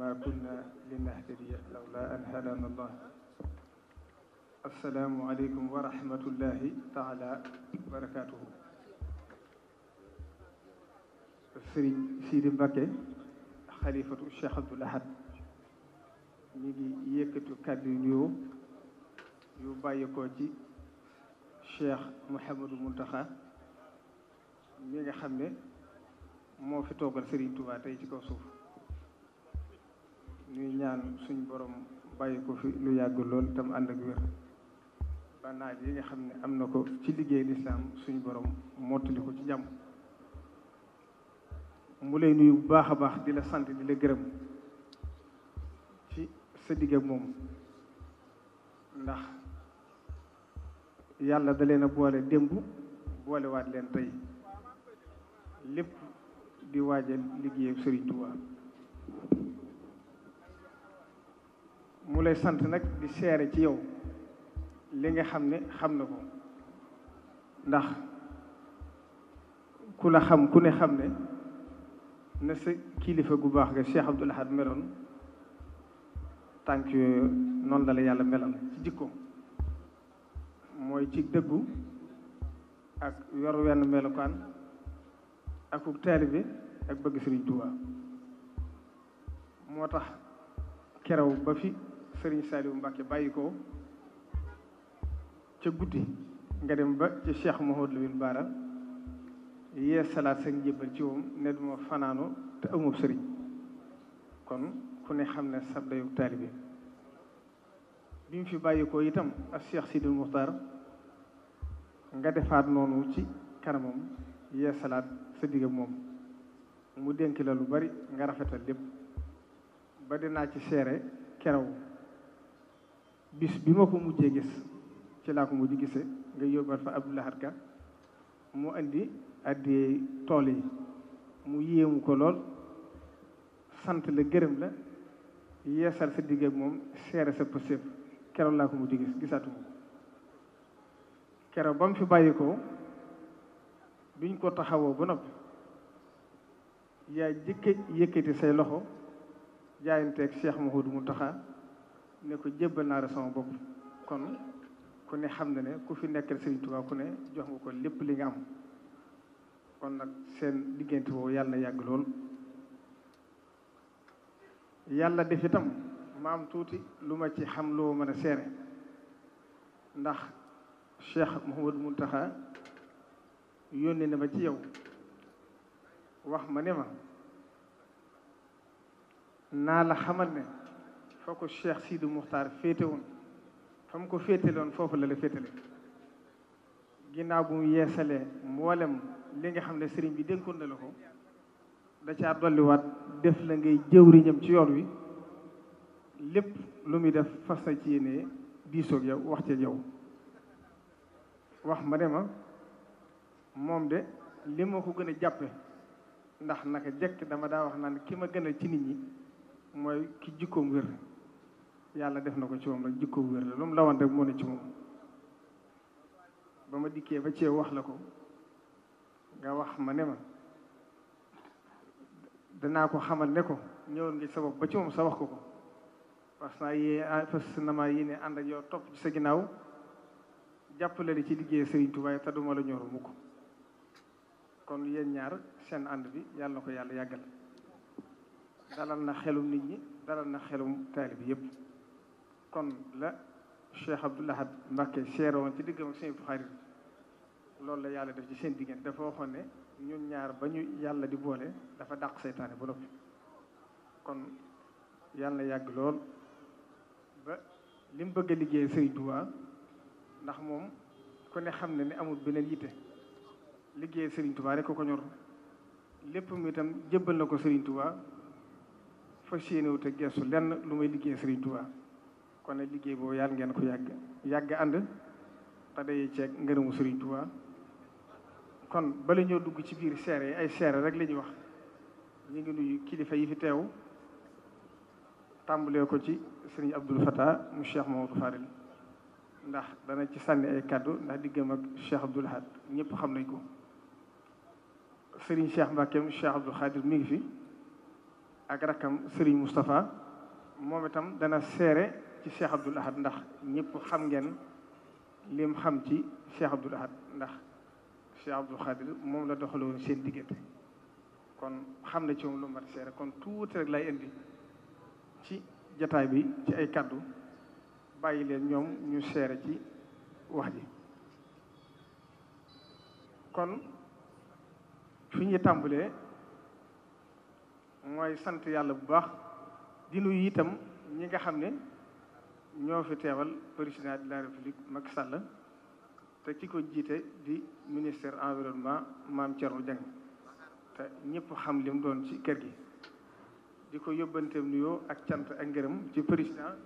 كنا لنهتدي لولا أن هدانا الله السلام عليكم ورحمة الله تعالى وبركاته سيدي سيدي مباكي خليفة الشيخ عبد الأحد نيجي يكتو كادو نيو يو بايكو كوتي الشيخ محمد المنتخى ميغا خامني مو في توغل سيدي توبا تاي سي ñuy ñaan suñ borom bàyyi ko fi lu yàgg lool tam ànd ak wér ba naaj yi nga xam ne am na ko ci liggéey lislaam suñ borom mottali ko ci jàmm mu lay nuyu bu baax a baax di la sant di la gërëm ci sa digg ak moom ndax yàlla da leen a boole démb boolewaat leen tey lépp di waajal liggéey Sëriñ Tuubaa mu lay sant nag di seere ci yow li nga xam ne xam na ko ndax ku la xam ku ne xam ne na sa kilifa gu baax nga Cheikh Abdoul Ahad meloon tànk yooyu noonu la la yàlla melal ci jikko mooy ci dëggu ak yor wenn melokaan ak uk taalibe ak bëgg Sëriñ Tuubaa moo tax kerew ba fi sëriñ Saliou Mbacke bàyyi ca guddi nga dem ba ci Cheikh Mouhamadou Lamine Bara yee salaat sa njëbbal ci moom ne duma fanaano te amub sëriñ kon ku ne xam ne sab dayu taalibe bi mu fi bàyyi ko itam ak Cheikh Sidil Muxtar nga defaat noonu ci kanamam yee salaat sa digg moom mu dénk la lu bari nga rafetal dépp ba dinaa ci seere keroog bis bi ma ko mujjee gis ci laa ko mujj gisee nga yóbbal fa Abdou Lahad Ka mu indi addi tool yi mu yéemu ko lool sant la gërëm la yeesal sa digg ak moom seere sa pëstéef keroog laa ko mujj gis gisaatuma ko keroog ba mu fi bàyyi ko biñ ko taxawoo ba nopp yaa jëkke yëkkati say loxo jaayanteeg Cheikh mu Mountakha ne ko jébbal naa la sama bopp kon ku ne xam na ne ku fi nekk Sëriñ Tuubaa ku ne jox nga ko lépp li nga am kon nag seen diggante woo yàlla na yàgg lool yàlla def itam maam tuuti lu ma ci xam loo mën a seere ndax Cheikh Mouhamadou Mountakha yónni na ma ci yow wax ma ne ma naa la xamal ne foo ko Cheikh Sidi Moukhtar féete woon fa ko féetale foofu la la féetale ginnaaw bu mu yeesalee mboolem li nga xam ne sëriñ bi dénkoon na la ko da caa dolliwaat def la ngay jëwriñam ci yoon wi lépp lu muy def fas na ci yéene diisoog yow wax ca yow wax ma ne ma moom de li ma ko gën a jàppe ndax naka jekk dama daa wax naan ki ma gën ci nit ñi mooy ki jikkoom wér yàlla def na ko ci moom rek jikko wér la lu mu lawoon rek moo ne ci moom ba ma dikkee ba cee wax la ko nga wax ma ne ma danaa ko xamal ne ko ñëwal nga sabab ba ci moom sa wax ko ko parce que yée fas na maa yéene ànd ak topp ci sa ginnaaw jàppale li ci liggéey Serigne Touba te duma la ñoru mukk kon yéen ñaar seen ànd bi yàlla ko yàlla yàggal dalal na xelum nit ñi dalal na xelum taalibe bi yëpp kon la Cheikh Abdoul Ahad Mbacké seere woon ci diggam ak sëñ Abdou loolu la yàlla def ci seen diggante dafa waxoon ne ñun ñaar ba ñu yàlla di boole dafa dàq seytaane ba noppi kon yàlla na yàgg lool ba lim bëgg a liggéey sëñ Tuubaa ndax moom ku ne xam ne ni amul beneen yite liggéey Serigne Touba rek ko ko ñor lépp mi itam jébbal na ko Serigne Touba fas yéene wut a geesu lenn lu may liggéey Serigne Touba kon nag liggéey boobu yàlla ngeen ko yàgg yàgg ànd te day ceeg ngërëmu Sëriñ Tuubaa kon bala ñoo dugg ci biir seere yi ay seere rek la ñuy wax ñu ngi nuy kilifa yi fi teew tàmbalee ko ci sëriñ Abdul Fattah mu Cheikh Mamadou Fadil ndax dana ci sànni ay kàddu ndax diggam ak Cheikh Abdoul Ahad ñëpp xam nañ ko sëriñ Cheikh Mbackeem Cheikh Abdoul Khadir mi ngi fi ak rakkam sëriñ Moustapha moom itam dana seere ci Cheikh Abdoul Ahad ndax ñëpp xam ngeen lim xam ci Cheikh Abdoul Ahad ndax Cheikh Abdoul Khadir moom la doxaloon seen diggante kon xam na ci moom lu mat seere kon tuuti rek lay indi ci jataay bi ci ay kàddu bàyyi leen ñoom ñu seere ci wax ji kon fi ñu tàmbalee mooy sant yàlla bu baax di nuyu itam ñi nga xam ne ñoo fi teewal président de la république Macky Sall te ci ko jiite di ministère environnement maam Thierno Dieng te ñëpp xam lim doon ci kër gi di ko yóbbanteem nuyoo ak cant ak ngërëm ci président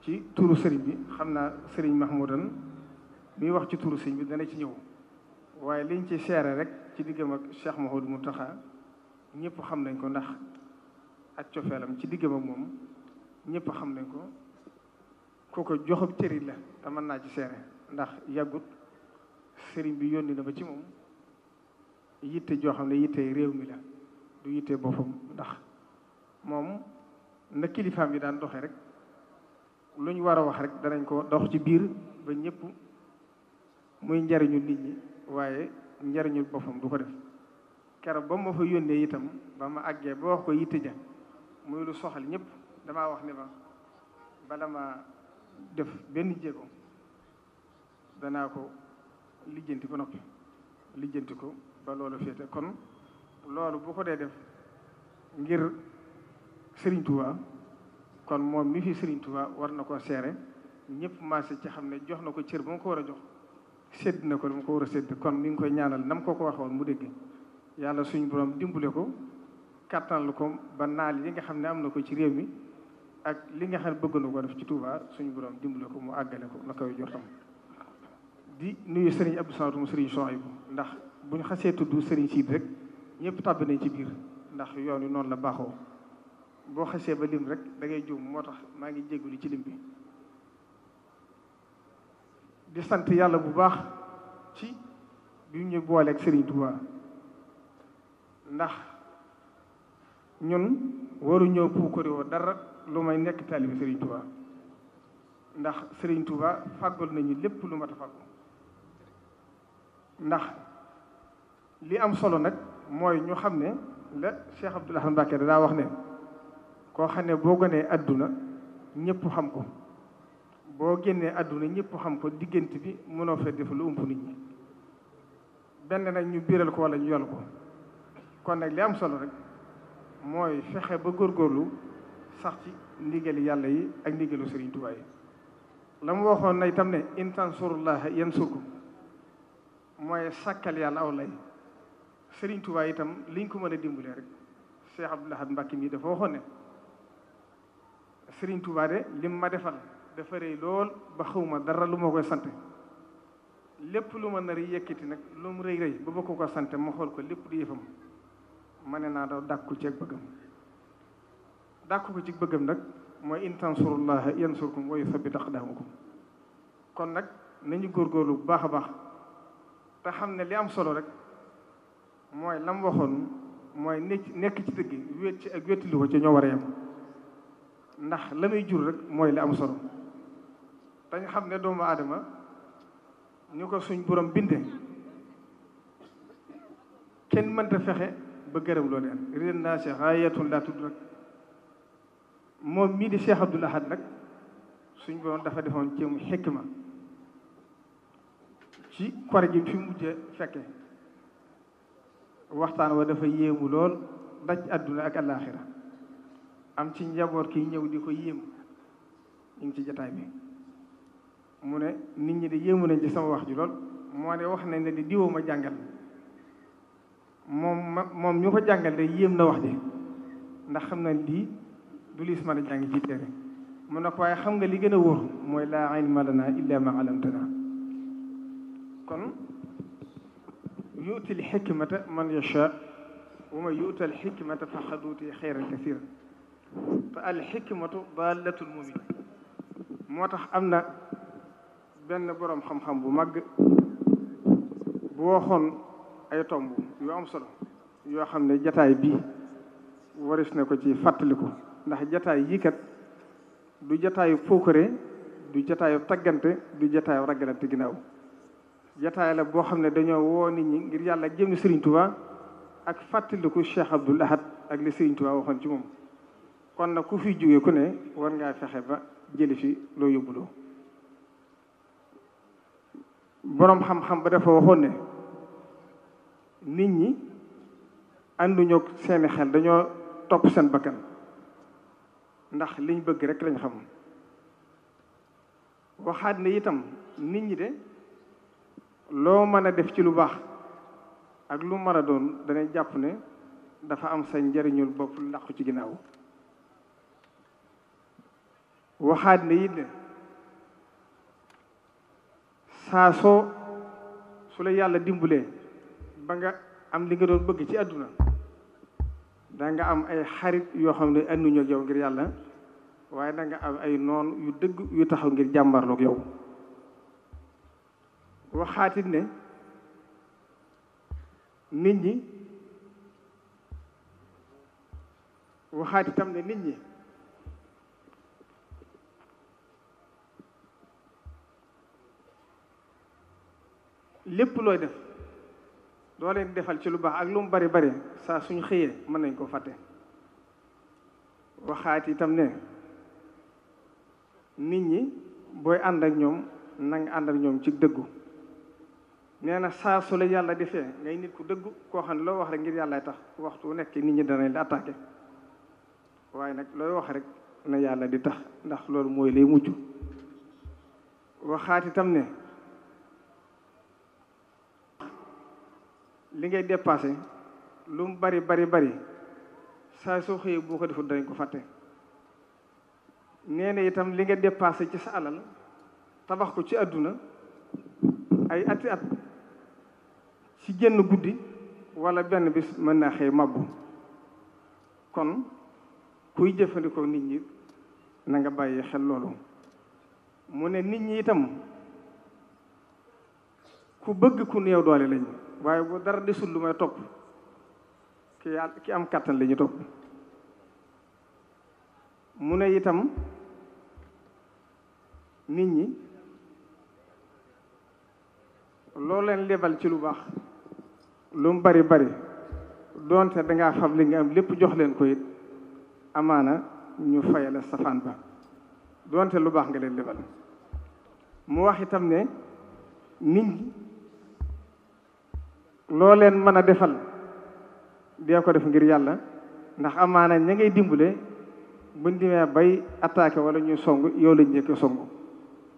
ci turu sëriñ bi xam naa sëriñ Mahmoudan mi wax ci turu sëriñ bi dana ci ñëw waaye liñ ci seere rek ci diggam ak Cheikh Mahoud Mountakha ñëpp xam nañ ko ndax ak cofeelam ci diggam moom ñëpp xam nañ ko kooku joxab cëri la te mën naa ci seere ndax yàggut sëriñ bi yónni na ba ci moom yitte joo xam ne yitte réew mi la du yitte boppam ndax moom na kilifaam yi daan doxe rek lu ñu war a wax rek danañ ko dox ci biir ba ñëpp muy njariñu nit ñi waaye njariñu boppam du ko def keroog ba ma fa yónnee itam ba ma àggee ba wax ko yitte ja muy lu soxal ñëpp damaa wax ne ma bala ma def benn jéego danaa ko lijjanti ba noppi lijjanti ko ba loolu féete kon loolu boo ko dee def ngir Serigne kon moom mi fi Serigne war na koo seere ñëpp maase ci xam ne jox na ko cër ba mu ko war a jox sédd na ko lu ko war a sédd kon mi ngi koy ñaanal nam ko ko waxoon mu dégg yàlla suñu borom dimbale ko kàttanal ko ba naal yi nga xam ne am na ko ci réew mi ak li nga xam ne bëgg na ko def ci Touba suñu borom dimbale ko mu àggale ko la koy jortam di nuyu sëriñ ab Samad mu Serigne Souhaïbou ndax bu xasee tudd Serigne Sidy rek ñëpp tàbbi nañ ci biir ndax yoon wi noonu la baaxoo boo xasee ba lim rek da ngay moo tax maa ngi jégalu ci lim bi. sant yàlla bu baax ci bi ñu booleeg Serigne Touba ndax ñun waru ñëw dara. lu may nekk taalibi Serigne Touba ndax Serigne Touba fàggal nañu lépp lu mat a fàggu ndax li am solo nag mooy ñu xam ne la Cheikh Abdoul Ahad Mbacké daa wax ne koo xam ne boo gënee àdduna ñëpp xam ko boo génnee àdduna ñëpp xam ko diggante bi mënoo fee def lu ump nit ñi benn nag ñu biral ko wala ñu yol ko kon nag li am solo rek mooy fexe ba góor góorgóorlu sax ci ndigali yàlla yi ak ndigalu Serigne Touba la mu waxoon na itam ne in tansurullaha yansurkum mooy sàkkal yàlla aw lay Serigne Touba itam liñ ko mën a dimbalee rek Cheikh Abdoul Ahad Mbacké dafa waxoon ne Serigne Touba de ma defal dafa rëy lool ba xawma dara lu ma koy sant lépp lu ma nar yëkkati nag lu mu rëy rëy ba ba ko ko sant ma xool ko lépp di yëfam ma ne naa daw dàkku ceeg bëggam dàkk ko ci bëggam nag mooy in mooy yansurkum wa yusabbit aqdamakum kon nag nañu góor bu baax a baax te xam ne li am solo rek mooy lam waxoon mooy nekk ci dëgg wéet ak wéetali ci ñoo war a yem ndax la jur rek mooy li am solo dañ xam ne doomu aadama ñu ko suñ borom binde kenn mënta fexe ba gërëm loo leen ren naa si xaayatun laa tudd rek moom mii di Cheikh Abdoul Ahad nag suñ borom dafa defoon ci mu xikma ci kor gi fi mujje fekke waxtaan wa dafa yéemu lool daj àdduna ak àllaaxira am ci njaboot ki ñëw di ko yéem ñu ngi ci jataay bi mu ne nit ñi de yéemu nañ ci sama wax ji lool moo ne wax nañ ne di diwoo ma jàngal moom ma moom ñu ko jàngal de yéem na wax ji ndax xam na lii دوليس مانا جانجي جيتين من أقوى خمغة لغنى ور موي لا عين مالنا إلا ما علمتنا كن يؤتي الحكمة من يشاء وما يؤتى الحكمة فخذوتي خيرا كثيرا فالحكمة ضالة المؤمن موتاح أمنا بن برام خم خم بو مغ بو خون اي تومبو يو ام سولو يو خامني جتاي بي وريس نكو تي فاتليكو ndax jataay yii kat du jataayu puukare du jataayu taggante du jataayu ragalante ginnaaw jataay la boo xam ne dañoo woo nit ñi ngir yàlla jëm Serigne Touba ak fàttaliku Cheikh du Ahad ak li Serigne Touba waxoon ci moom kon na ku fi jóge ku ne war ngaa fexe ba jëli fi loo yóbbuloo boroom xam-xam ba dafa waxoon ne nit ñi ànduñu ak seeni xel dañoo topp seen bakkan ndax liñ bëgg rek lañ xam waxaat ne itam nit ñi de loo mën a def ci lu baax ak lu mën a doon danay jàpp ne dafa am sa njariñul bopp làqu ci ginnaaw waxaat ne it ne saa soo su la yàlla dimbulee ba nga am li nga doon bëgg ci àdduna danga am ay xarit yoo xam ne ànduñu ak yow ngir yàlla waaye danga am ay noon yu dëgg yu taxaw ngir jàmbarlook yow waxaatit ne nit ñi waxaat itam ne nit ñi lépp looy def doo leen defal ci lu baax ak lu mu bari bari saa suñu xëyee mën nañ ko fàtte waxaat tam ne nit ñi booy ànd ak ñoom na nga ànd ak ñoom ci dëggu nee na saa su la yàlla defee ngay nit ku dëggu koo xam ne loo wax rek ngir yàllaay tax waxtu nekk nit ñi danañ la waaye nag looy wax rek na yàlla di tax ndax loolu mooy lay mujj waxaat itam ne li ngay dépassé lu mu bari bari bari saa soo xëyee boo ko deful dañ ko fàtte nee na itam li nga dépassé ci sa alal tabax ko ci àdduna ay ati at ci génn guddi walla benn bis mën naa xëy màbbu kon kuy jëfandikoo nit ñi na nga bàyyi xel loolu mu ne nit ñi itam ku bëgg ku néew doole lañu waaye bu dara desul lu may topp ki yàlla ki am kàttan la ñu topp mu ne itam nit ñi loo leen lebal ci lu baax lu mu bari bari doonte dangaa xam li nga am lépp jox leen ko amaana ñu fayale safaan ba doonte lu baax nga leen lebal mu wax itam ne nit ñi loo leen mën a defal dee ko def ngir yàlla ndax amaana ña ngay dimbale buñ demee bay attaqué wala ñuy song yow lañ njëkk song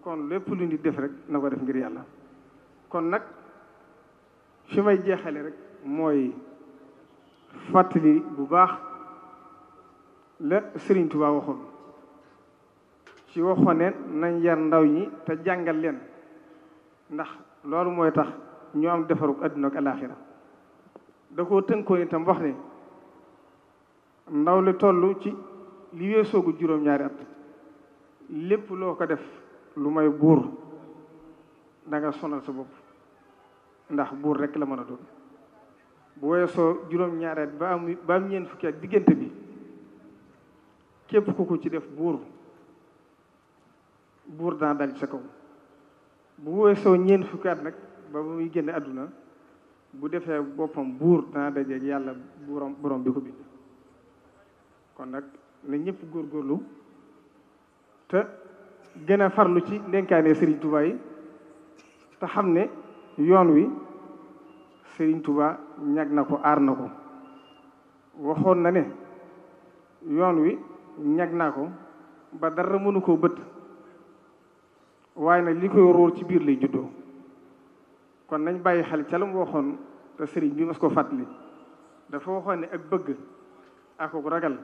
kon lépp lu nit def rek na ko def ngir yàlla kon nag fi may jeexale rek mooy fàttali bu baax la Sëriñ Tuubaa waxul ci waxoon ne nañ yar ndaw ñi te jàngal leen ndax loolu mooy tax ñoo am defarug àdduna ak alaaxira da koo tënkoon itam wax ne ndaw li tollu ci li weesoogu juróom-ñaari at lépp loo ko def lu may buur danga sonal sa bopp ndax buur rekk la mën a doon bu weesoo juróom-ñaari at ba am ba fukki at diggante bi képp ku ci def buur buur dana dal ci sa kaw bu weesoo ñeent fukki at nag ba muy génn àdduna bu defee boppam buur dana dajeeg yàlla buuram borom bi ko bind kon nag na ñëpp góorgóorlu te gën a farlu ci ndenkaane Serigne Touba yi te xam ne yoon wi sëriñ Touba ñag na ko aar na ko waxoon na ne yoon wi ñag naa ko ba dara mënu koo bët waaye nag li koy róor ci biir lay juddoo kon nañ bàyyi xel ca la mu waxoon te sëriñ bi mas ko fàttali dafa waxoon ne ak bëgg akuk ragal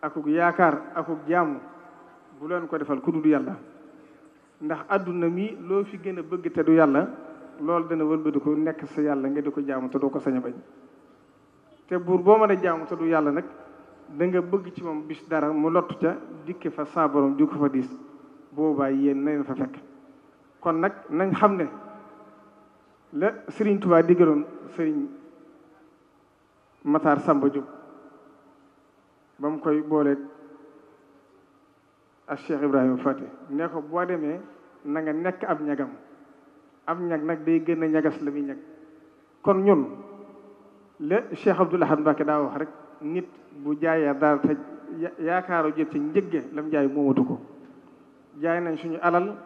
akuk yaakaar akuk jaamu bu leen ko defal ku dul yàlla ndax àdduna mi loo fi gën a bëgg te du yàlla loolu dana wëlbatiku nekk sa yàlla nga di ko jaamu te doo ko sañ a bañ te buur boo mën a jaamu te du yàlla nag da nga bëgg ci moom bis dara mu lottu ca dikk fa saa borom ko fa diis boobaa yéen na leen fa fekk kon nag nañ xam ne la Serigne tubaa diggaloon Serigne Matar Samba Diop ba mu koy booleeg ak Cheikh Ibrahima Faty ne ko boo demee na nga nekk ab ñagam ab ñag nag day gën a ñagas la muy ñag kon ñun le Cheikh Abdoul Ahad Mbacké daa wax rek nit bu jaayee daal te yaakaaru jël ci njëgge lam jaay moomatu ko jaay nañ suñu alal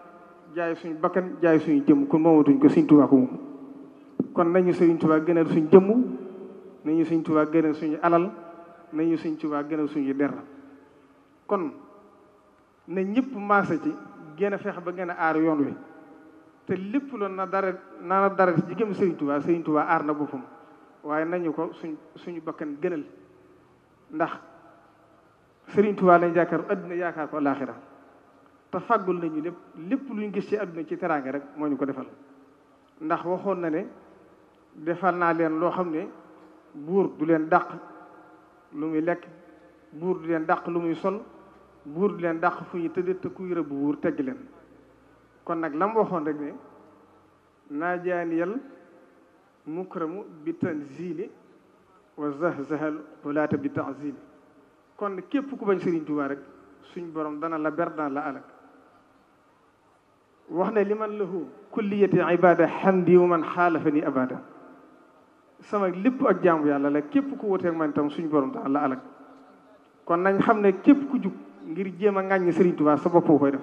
jaay suñu bakkan jaay suñu jëm kon moomatuñ ko Sëriñ Tuubaa ko moom kon nañu Sëriñ Tuubaa gënal suñ jëmm nañu Sëriñ Tuubaa gënal suñu alal nañu Sëriñ Tuubaa gënal suñu der kon na ñëpp maase ci gën a feex ba gën aar yoon wi te lépp loolu na dara na dara ci jigéen Sëriñ aar na boppam waaye nañu ko suñ suñu bakkan gënal ndax Sëriñ Tuubaa lañ yaakaar àdduna yaakaar ko laaxira te fàggul nañu lépp lépp luñ gis ci àdduna ci teraanga rek moo ñu ko defal ndax waxoon na ne defal na len lo xamne bour du len dàq lu muy lek bour du len dàq lu muy sol bour du len dàq fu ñu teede te yere bu bour tegg len kon nak lam waxon rek ne naa jaaniyal mukramu bi tanzili wa zahzahal xulaata bi tanzili kon képp ku bañ serigne touba rek suñ borom dana la ber dana la alak wax ne li man lahu kulliyati ibada hamdi wa man abada sama lepp ak jaamu yalla la képp ku ak man tam suñu borom ta Allah alak kon nañ xamne kep ku juk ngir jema ngagne Serigne Touba sa bop koy def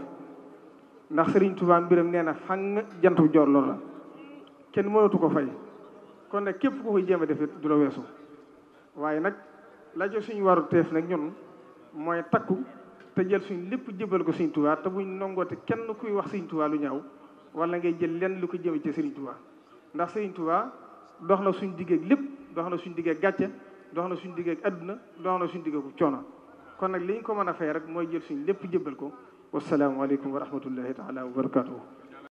ndax Serigne Touba mbiram neena fang jantou jor lor la kenn mënatu ko fay kon nak kep ku koy jema def du la wessu waye nak la jox suñu waru tef nak ñun moy takku te jël suñu lepp jëbal ko Serigne Touba te buñ nongoote kenn kuy wax Serigne Touba lu ñaaw wala ngay jël len lu ko jëm ci Serigne Touba ndax Serigne Touba doxna suñ digge diggeeg lépp doxna suñ digge diggeeg gàcce dox na suñu diggeeg adduna dox na suñu diggeegu coono kon nak liñ ko mëna fay rek moy jël suñ lépp jëbbal ko alaykum wa rahmatullahi taala wa barakatuh